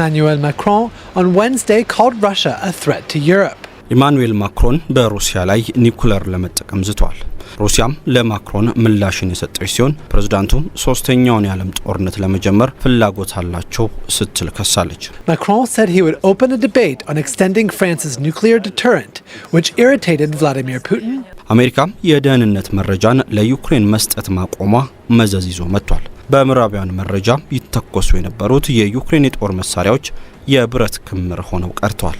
ማኑዌል ማክሮን on Wednesday called Russia a threat to Europe. ኢማኑዌል ማክሮን በሩሲያ ላይ ኒኩለር ለመጠቀም ዝቷል። ሩሲያም ለማክሮን ምላሽን የሰጠች ሲሆን ፕሬዝዳንቱ ሶስተኛውን የዓለም ጦርነት ለመጀመር ፍላጎት አላቸው ስትል ከሳለች። ማክሮን said he would open a debate on extending France's nuclear deterrent, which irritated Vladimir Putin. አሜሪካም የደህንነት መረጃን ለዩክሬን መስጠት ማቆሟ መዘዝ ይዞ መጥቷል። በምዕራባውያን መረጃ ሲተኮሱ የነበሩት የዩክሬን የጦር መሳሪያዎች የብረት ክምር ሆነው ቀርተዋል።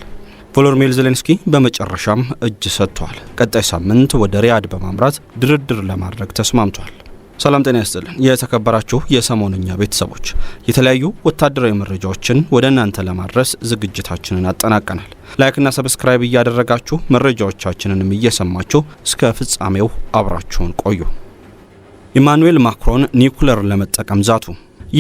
ቮሎድሚር ዜሌንስኪ በመጨረሻም እጅ ሰጥቷል። ቀጣይ ሳምንት ወደ ሪያድ በማምራት ድርድር ለማድረግ ተስማምቷል። ሰላም ጤና ይስጥልን የተከበራችሁ የሰሞንኛ ቤተሰቦች፣ የተለያዩ ወታደራዊ መረጃዎችን ወደ እናንተ ለማድረስ ዝግጅታችንን አጠናቀናል። ላይክና ሰብስክራይብ እያደረጋችሁ መረጃዎቻችንንም እየሰማችሁ እስከ ፍጻሜው አብራችሁን ቆዩ። ኢማኑኤል ማክሮን ኒውክለር ለመጠቀም ዛቱ።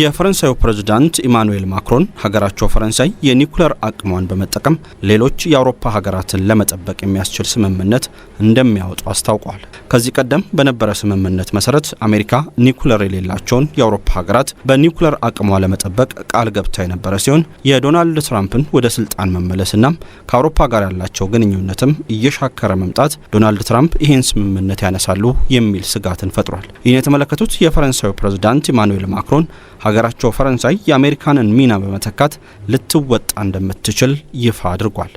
የፈረንሳዩ ፕሬዝዳንት ኢማኑኤል ማክሮን ሀገራቸው ፈረንሳይ የኒኩለር አቅሟን በመጠቀም ሌሎች የአውሮፓ ሀገራትን ለመጠበቅ የሚያስችል ስምምነት እንደሚያወጡ አስታውቀዋል። ከዚህ ቀደም በነበረ ስምምነት መሰረት አሜሪካ ኒኩለር የሌላቸውን የአውሮፓ ሀገራት በኒኩለር አቅሟ ለመጠበቅ ቃል ገብታ የነበረ ሲሆን የዶናልድ ትራምፕን ወደ ስልጣን መመለስና ከአውሮፓ ጋር ያላቸው ግንኙነትም እየሻከረ መምጣት ዶናልድ ትራምፕ ይህን ስምምነት ያነሳሉ የሚል ስጋትን ፈጥሯል። ይህን የተመለከቱት የፈረንሳዩ ፕሬዝዳንት ኢማኑኤል ማክሮን ሀገራቸው ፈረንሳይ የአሜሪካንን ሚና በመተካት ልትወጣ እንደምትችል ይፋ አድርጓል።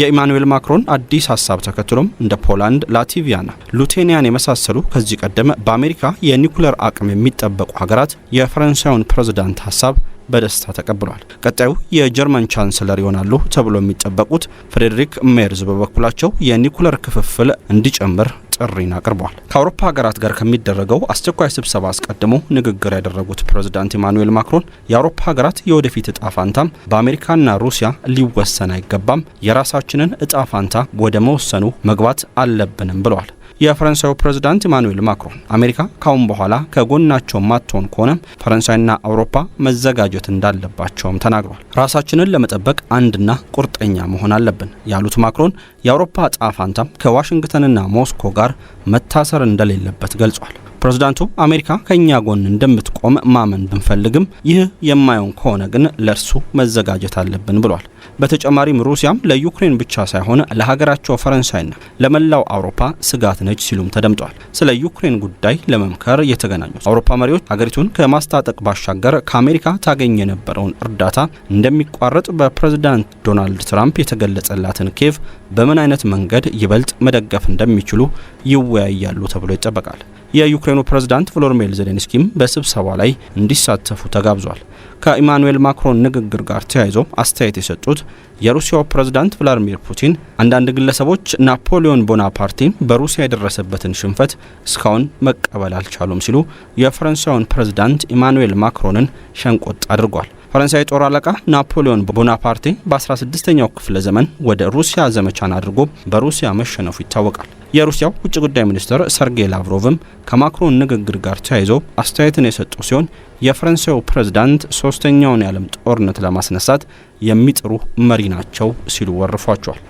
የኢማኑኤል ማክሮን አዲስ ሀሳብ ተከትሎም እንደ ፖላንድ፣ ላቲቪያና ሉቴኒያን የመሳሰሉ ከዚህ ቀደም በአሜሪካ የኒኩለር አቅም የሚጠበቁ ሀገራት የፈረንሳዩን ፕሬዝዳንት ሀሳብ በደስታ ተቀብሏል። ቀጣዩ የጀርመን ቻንስለር ይሆናሉ ተብሎ የሚጠበቁት ፍሬድሪክ ሜርዝ በበኩላቸው የኒኩለር ክፍፍል እንዲጨምር ጥሪን አቅርቧል። ከአውሮፓ ሀገራት ጋር ከሚደረገው አስቸኳይ ስብሰባ አስቀድሞ ንግግር ያደረጉት ፕሬዝዳንት ኢማኑኤል ማክሮን የአውሮፓ ሀገራት የወደፊት እጣ ፋንታም በአሜሪካና ሩሲያ ሊወሰን አይገባም፣ የራሳችንን እጣ ፋንታ ወደ መወሰኑ መግባት አለብንም ብለዋል። የፈረንሳዩ ፕሬዝዳንት ኢማኑኤል ማክሮን አሜሪካ ካሁን በኋላ ከጎናቸው ማትሆን ከሆነ ፈረንሳይና አውሮፓ መዘጋጀት እንዳለባቸውም ተናግሯል። ራሳችንን ለመጠበቅ አንድና ቁርጠኛ መሆን አለብን ያሉት ማክሮን የአውሮፓ ጻፋንታም ፈንታም ከዋሽንግተንና ሞስኮ ጋር መታሰር እንደሌለበት ገልጿል። ፕሬዝዳንቱ አሜሪካ ከእኛ ጎን እንደምትቆም ማመን ብንፈልግም ይህ የማይሆን ከሆነ ግን ለእርሱ መዘጋጀት አለብን ብሏል። በተጨማሪም ሩሲያም ለዩክሬን ብቻ ሳይሆን ለሀገራቸው ፈረንሳይና ለመላው አውሮፓ ስጋት ነች ሲሉም ተደምጧል። ስለ ዩክሬን ጉዳይ ለመምከር የተገናኙት አውሮፓ መሪዎች ሀገሪቱን ከማስታጠቅ ባሻገር ከአሜሪካ ታገኝ የነበረውን እርዳታ እንደሚቋረጥ በፕሬዝዳንት ዶናልድ ትራምፕ የተገለጸላትን ኬቭ በምን አይነት መንገድ ይበልጥ መደገፍ እንደሚችሉ ይወያያሉ ተብሎ ይጠበቃል። የዩክሬኑ ፕሬዝዳንት ቮሎዲሚር ዜሌንስኪም በስብሰባ ላይ እንዲሳተፉ ተጋብዟል። ከኢማኑኤል ማክሮን ንግግር ጋር ተያይዞ አስተያየት የሰጡት የሩሲያው ፕሬዝዳንት ቭላዲሚር ፑቲን አንዳንድ ግለሰቦች ናፖሊዮን ቦናፓርቲ በሩሲያ የደረሰበትን ሽንፈት እስካሁን መቀበል አልቻሉም ሲሉ የፈረንሳዩን ፕሬዝዳንት ኢማኑኤል ማክሮንን ሸንቆጥ አድርጓል። ፈረንሳይ ጦር አለቃ ናፖሊዮን ቦናፓርቲ በ16ኛው ክፍለ ዘመን ወደ ሩሲያ ዘመቻን አድርጎ በሩሲያ መሸነፉ ይታወቃል። የሩሲያው ውጭ ጉዳይ ሚኒስትር ሰርጌይ ላቭሮቭም ከማክሮን ንግግር ጋር ተያይዞ አስተያየትን የሰጡ ሲሆን የፈረንሳዩ ፕሬዝዳንት ሶስተኛውን የዓለም ጦርነት ለማስነሳት የሚጥሩ መሪ ናቸው ሲሉ ወርፏቸዋል።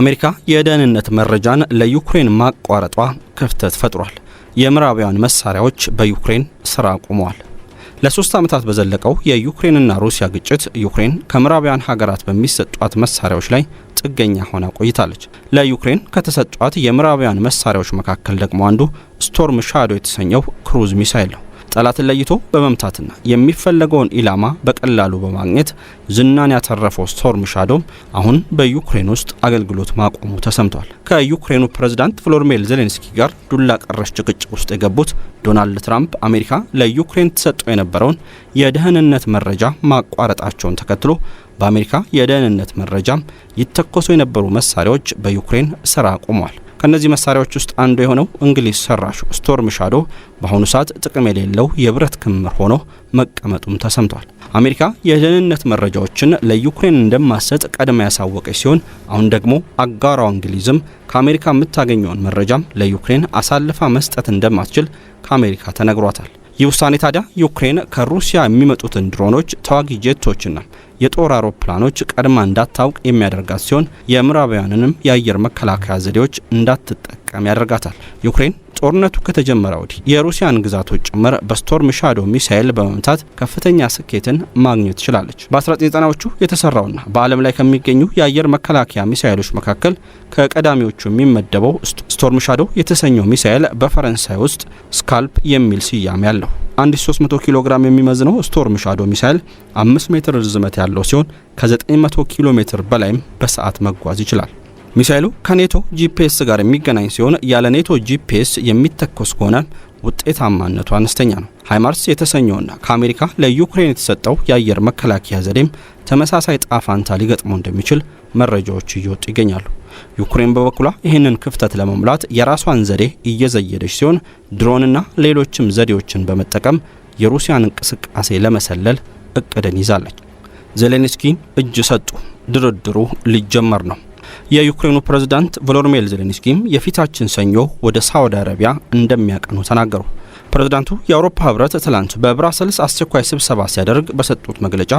አሜሪካ የደህንነት መረጃን ለዩክሬን ማቋረጧ ክፍተት ፈጥሯል። የምዕራባውያን መሳሪያዎች በዩክሬን ስራ አቁመዋል። ለሶስት ዓመታት በዘለቀው የዩክሬንና ሩሲያ ግጭት ዩክሬን ከምዕራባውያን ሀገራት በሚሰጧት መሳሪያዎች ላይ ጥገኛ ሆና ቆይታለች። ለዩክሬን ከተሰጧት የምዕራባውያን መሳሪያዎች መካከል ደግሞ አንዱ ስቶርም ሻዶ የተሰኘው ክሩዝ ሚሳይል ነው። ጠላትን ለይቶ በመምታትና የሚፈለገውን ኢላማ በቀላሉ በማግኘት ዝናን ያተረፈው ስቶርም ሻዶም አሁን በዩክሬን ውስጥ አገልግሎት ማቆሙ ተሰምቷል። ከዩክሬኑ ፕሬዝዳንት ቮሎድሚር ዜሌንስኪ ጋር ዱላ ቀረሽ ጭቅጭቅ ውስጥ የገቡት ዶናልድ ትራምፕ አሜሪካ ለዩክሬን ተሰጥቶ የነበረውን የደህንነት መረጃ ማቋረጣቸውን ተከትሎ በአሜሪካ የደህንነት መረጃም ይተኮሱ የነበሩ መሳሪያዎች በዩክሬን ስራ ቆመዋል። ከእነዚህ መሳሪያዎች ውስጥ አንዱ የሆነው እንግሊዝ ሰራሹ ስቶርም ሻዶ በአሁኑ ሰዓት ጥቅም የሌለው የብረት ክምር ሆኖ መቀመጡም ተሰምቷል። አሜሪካ የደህንነት መረጃዎችን ለዩክሬን እንደማሰጥ ቀድማ ያሳወቀች ሲሆን አሁን ደግሞ አጋሯ እንግሊዝም ከአሜሪካ የምታገኘውን መረጃም ለዩክሬን አሳልፋ መስጠት እንደማትችል ከአሜሪካ ተነግሯታል። ይህ ውሳኔ ታዲያ ዩክሬን ከሩሲያ የሚመጡትን ድሮኖች፣ ተዋጊ ጄቶችና የጦር አውሮፕላኖች ቀድማ እንዳታውቅ የሚያደርጋት ሲሆን የምዕራባውያንንም የአየር መከላከያ ዘዴዎች እንዳትጠቀም ያደርጋታል። ዩክሬን ጦርነቱ ከተጀመረ ወዲህ የሩሲያን ግዛቶች ጭምር በስቶርም ሻዶ ሚሳኤል በመምታት ከፍተኛ ስኬትን ማግኘት ችላለች። በ1990ዎቹ የተሰራውና በዓለም ላይ ከሚገኙ የአየር መከላከያ ሚሳኤሎች መካከል ከቀዳሚዎቹ የሚመደበው ስቶርም ሻዶ የተሰኘው ሚሳኤል በፈረንሳይ ውስጥ ስካልፕ የሚል ስያሜ አለው። 1300 ኪሎ ግራም የሚመዝነው ስቶርም ሻዶ ሚሳይል 5 ሜትር ርዝመት ያለው ሲሆን ከ900 ኪሎ ሜትር በላይም በሰዓት መጓዝ ይችላል። ሚሳይሉ ከኔቶ ጂፒኤስ ጋር የሚገናኝ ሲሆን ያለ ኔቶ ጂፒኤስ የሚተኮስ ከሆነ ውጤታማነቱ አነስተኛ ነው። ሃይማርስ የተሰኘውና ከአሜሪካ ለዩክሬን የተሰጠው የአየር መከላከያ ዘዴም ተመሳሳይ ጣፋንታ ሊገጥመው እንደሚችል መረጃዎች እየወጡ ይገኛሉ። ዩክሬን በበኩሏ ይህንን ክፍተት ለመሙላት የራሷን ዘዴ እየዘየደች ሲሆን ድሮንና ሌሎችም ዘዴዎችን በመጠቀም የሩሲያን እንቅስቃሴ ለመሰለል እቅድን ይዛለች። ዜሌንስኪ እጅ ሰጡ፣ ድርድሩ ሊጀመር ነው። የዩክሬኑ ፕሬዝዳንት ቮሎዲሚር ዜሌንስኪም የፊታችን ሰኞ ወደ ሳውዲ አረቢያ እንደሚያቀኑ ተናገሩ። ፕሬዝዳንቱ የአውሮፓ ህብረት ትላንት በብራሰልስ አስቸኳይ ስብሰባ ሲያደርግ በሰጡት መግለጫ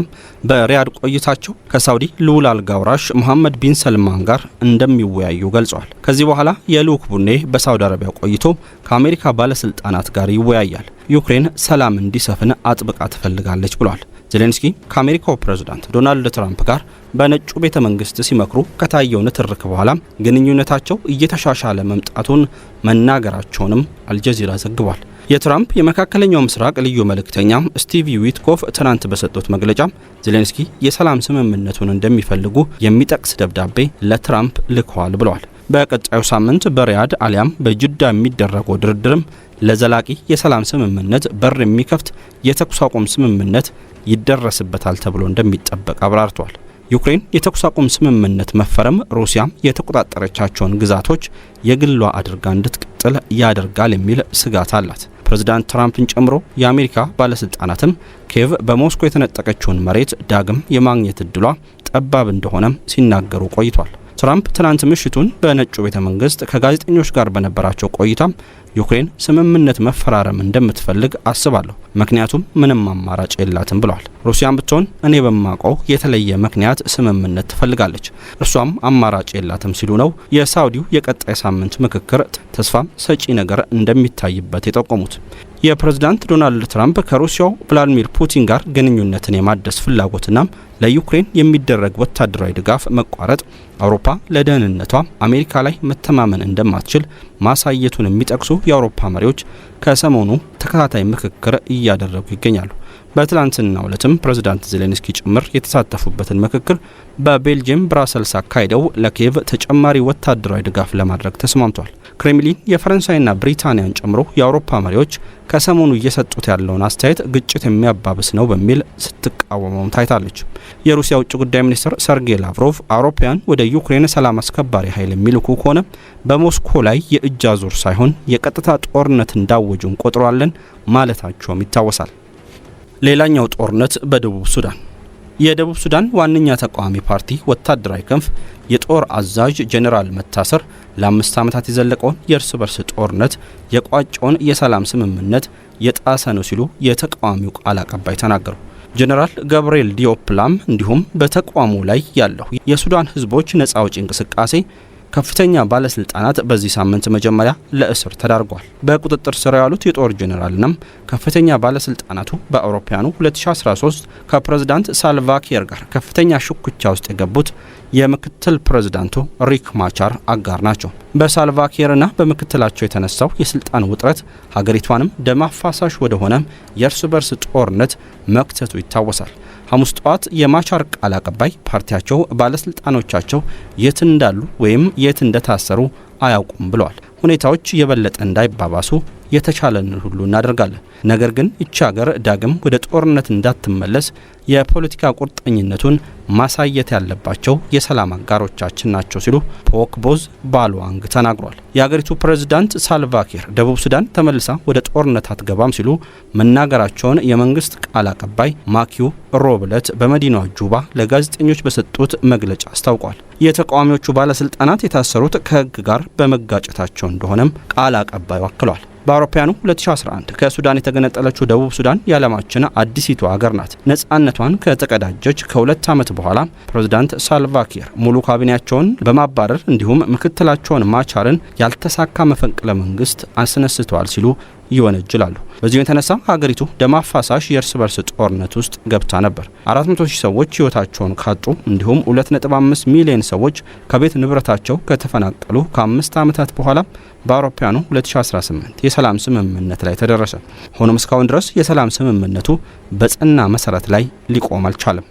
በሪያድ ቆይታቸው ከሳውዲ ልዑል አልጋ ወራሽ መሐመድ ቢን ሰልማን ጋር እንደሚወያዩ ገልጸዋል። ከዚህ በኋላ የልዑክ ቡድኔ በሳውዲ አረቢያ ቆይቶ ከአሜሪካ ባለስልጣናት ጋር ይወያያል። ዩክሬን ሰላም እንዲሰፍን አጥብቃ ትፈልጋለች ብሏል። ዜሌንስኪ ከአሜሪካው ፕሬዝዳንት ዶናልድ ትራምፕ ጋር በነጩ ቤተ መንግስት ሲመክሩ ከታየው ንትርክ በኋላ ግንኙነታቸው እየተሻሻለ መምጣቱን መናገራቸውንም አልጀዚራ ዘግቧል። የትራምፕ የመካከለኛው ምስራቅ ልዩ መልእክተኛ ስቲቪ ዊትኮፍ ትናንት በሰጡት መግለጫ ዜሌንስኪ የሰላም ስምምነቱን እንደሚፈልጉ የሚጠቅስ ደብዳቤ ለትራምፕ ልከዋል ብለዋል። በቀጣዩ ሳምንት በሪያድ አሊያም በጅዳ የሚደረገው ድርድርም ለዘላቂ የሰላም ስምምነት በር የሚከፍት የተኩስ አቁም ስምምነት ይደረስበታል ተብሎ እንደሚጠበቅ አብራርተዋል። ዩክሬን የተኩስ አቁም ስምምነት መፈረም ሩሲያም የተቆጣጠረቻቸውን ግዛቶች የግሏ አድርጋ እንድትቀጥል ያደርጋል የሚል ስጋት አላት። ፕሬዚዳንት ትራምፕን ጨምሮ የአሜሪካ ባለስልጣናትም ኬቭ በሞስኮ የተነጠቀችውን መሬት ዳግም የማግኘት እድሏ ጠባብ እንደሆነም ሲናገሩ ቆይቷል። ትራምፕ ትናንት ምሽቱን በነጩ ቤተ መንግስት ከጋዜጠኞች ጋር በነበራቸው ቆይታም ዩክሬን ስምምነት መፈራረም እንደምትፈልግ አስባለሁ፣ ምክንያቱም ምንም አማራጭ የላትም ብለዋል። ሩሲያም ብትሆን እኔ በማውቀው የተለየ ምክንያት ስምምነት ትፈልጋለች፣ እርሷም አማራጭ የላትም ሲሉ ነው የሳውዲው የቀጣይ ሳምንት ምክክር ተስፋም ሰጪ ነገር እንደሚታይበት የጠቆሙት። የፕሬዝዳንት ዶናልድ ትራምፕ ከሩሲያው ቭላዲሚር ፑቲን ጋር ግንኙነትን የማደስ ፍላጎትና ለዩክሬን የሚደረግ ወታደራዊ ድጋፍ መቋረጥ አውሮፓ ለደህንነቷ አሜሪካ ላይ መተማመን እንደማትችል ማሳየቱን የሚጠቅሱ የአውሮፓ መሪዎች ከሰሞኑ ተከታታይ ምክክር እያደረጉ ይገኛሉ። በትላንትናው ሁለትም ፕሬዚዳንት ዜሌንስኪ ጭምር የተሳተፉበትን ምክክር በቤልጅየም ብራሰልስ አካሂደው ለኪየቭ ተጨማሪ ወታደራዊ ድጋፍ ለማድረግ ተስማምቷል። ክሬምሊን የፈረንሳይና ብሪታንያን ጨምሮ የአውሮፓ መሪዎች ከሰሞኑ እየሰጡት ያለውን አስተያየት ግጭት የሚያባብስ ነው በሚል ስትቃወመውም ታይታለች። የሩሲያ ውጭ ጉዳይ ሚኒስትር ሰርጌይ ላቭሮቭ አውሮፓውያን ወደ ዩክሬን ሰላም አስከባሪ ኃይል የሚልኩ ከሆነ በሞስኮ ላይ የእጅ አዙር ሳይሆን የቀጥታ ጦርነት እንዳወጁ እንቆጥሯለን ማለታቸውም ይታወሳል። ሌላኛው ጦርነት በደቡብ ሱዳን። የደቡብ ሱዳን ዋነኛ ተቃዋሚ ፓርቲ ወታደራዊ ክንፍ የጦር አዛዥ ጄኔራል መታሰር ለአምስት ዓመታት የዘለቀውን የእርስ በርስ ጦርነት የቋጨውን የሰላም ስምምነት የጣሰ ነው ሲሉ የተቃዋሚው ቃል አቀባይ ተናገሩ። ጄኔራል ገብርኤል ዲዮፕላም እንዲሁም በተቋሙ ላይ ያለው የሱዳን ህዝቦች ነጻ አውጪ እንቅስቃሴ ከፍተኛ ባለስልጣናት በዚህ ሳምንት መጀመሪያ ለእስር ተዳርጓል። በቁጥጥር ስር ያሉት የጦር ጄኔራልናም ከፍተኛ ባለስልጣናቱ በአውሮፓውያኑ 2013 ከፕሬዝዳንት ሳልቫኪር ጋር ከፍተኛ ሽኩቻ ውስጥ የገቡት የምክትል ፕሬዝዳንቱ ሪክ ማቻር አጋር ናቸው። በሳልቫኪርና በምክትላቸው የተነሳው የስልጣን ውጥረት ሀገሪቷንም ደም አፋሳሽ ወደሆነ የእርስ በርስ ጦርነት መክተቱ ይታወሳል። ሐሙስ ጠዋት የማቻር ቃል አቀባይ ፓርቲያቸው ባለስልጣኖቻቸው የት እንዳሉ ወይም የት እንደታሰሩ አያውቁም ብለዋል። ሁኔታዎች የበለጠ እንዳይባባሱ የተቻለን ሁሉ እናደርጋለን። ነገር ግን ይቺ ሀገር ዳግም ወደ ጦርነት እንዳትመለስ የፖለቲካ ቁርጠኝነቱን ማሳየት ያለባቸው የሰላም አጋሮቻችን ናቸው ሲሉ ፖክቦዝ ባልዋንግ ተናግሯል። የአገሪቱ ፕሬዝዳንት ሳልቫኪር ደቡብ ሱዳን ተመልሳ ወደ ጦርነት አትገባም ሲሉ መናገራቸውን የመንግስት ቃል አቀባይ ማኪው ሮብለት በመዲናዋ ጁባ ለጋዜጠኞች በሰጡት መግለጫ አስታውቋል። የተቃዋሚዎቹ ባለስልጣናት የታሰሩት ከህግ ጋር በመጋጨታቸው እንደሆነም ቃል አቀባዩ አክሏል። በአውሮፓውያኑ 2011 ከሱዳን የተገነጠለችው ደቡብ ሱዳን የዓለማችን አዲሲቱ ሀገር ናት። ነፃነቷን ከተቀዳጀች ከሁለት ዓመት በኋላ ፕሬዝዳንት ሳልቫኪር ሙሉ ካቢኔያቸውን በማባረር እንዲሁም ምክትላቸውን ማቻርን ያልተሳካ መፈንቅለ መንግስት አስነስተዋል ሲሉ ይወነጅላሉ። በዚሁ የተነሳ ሀገሪቱ ደም አፋሳሽ የእርስ በርስ ጦርነት ውስጥ ገብታ ነበር። 400 ሺህ ሰዎች ህይወታቸውን ካጡ እንዲሁም 2.5 ሚሊዮን ሰዎች ከቤት ንብረታቸው ከተፈናቀሉ ከአምስት ዓመታት በኋላ በአውሮፓውያኑ 2018 የሰላም ስምምነት ላይ ተደረሰ። ሆኖም እስካሁን ድረስ የሰላም ስምምነቱ በጽና መሰረት ላይ ሊቆም አልቻለም።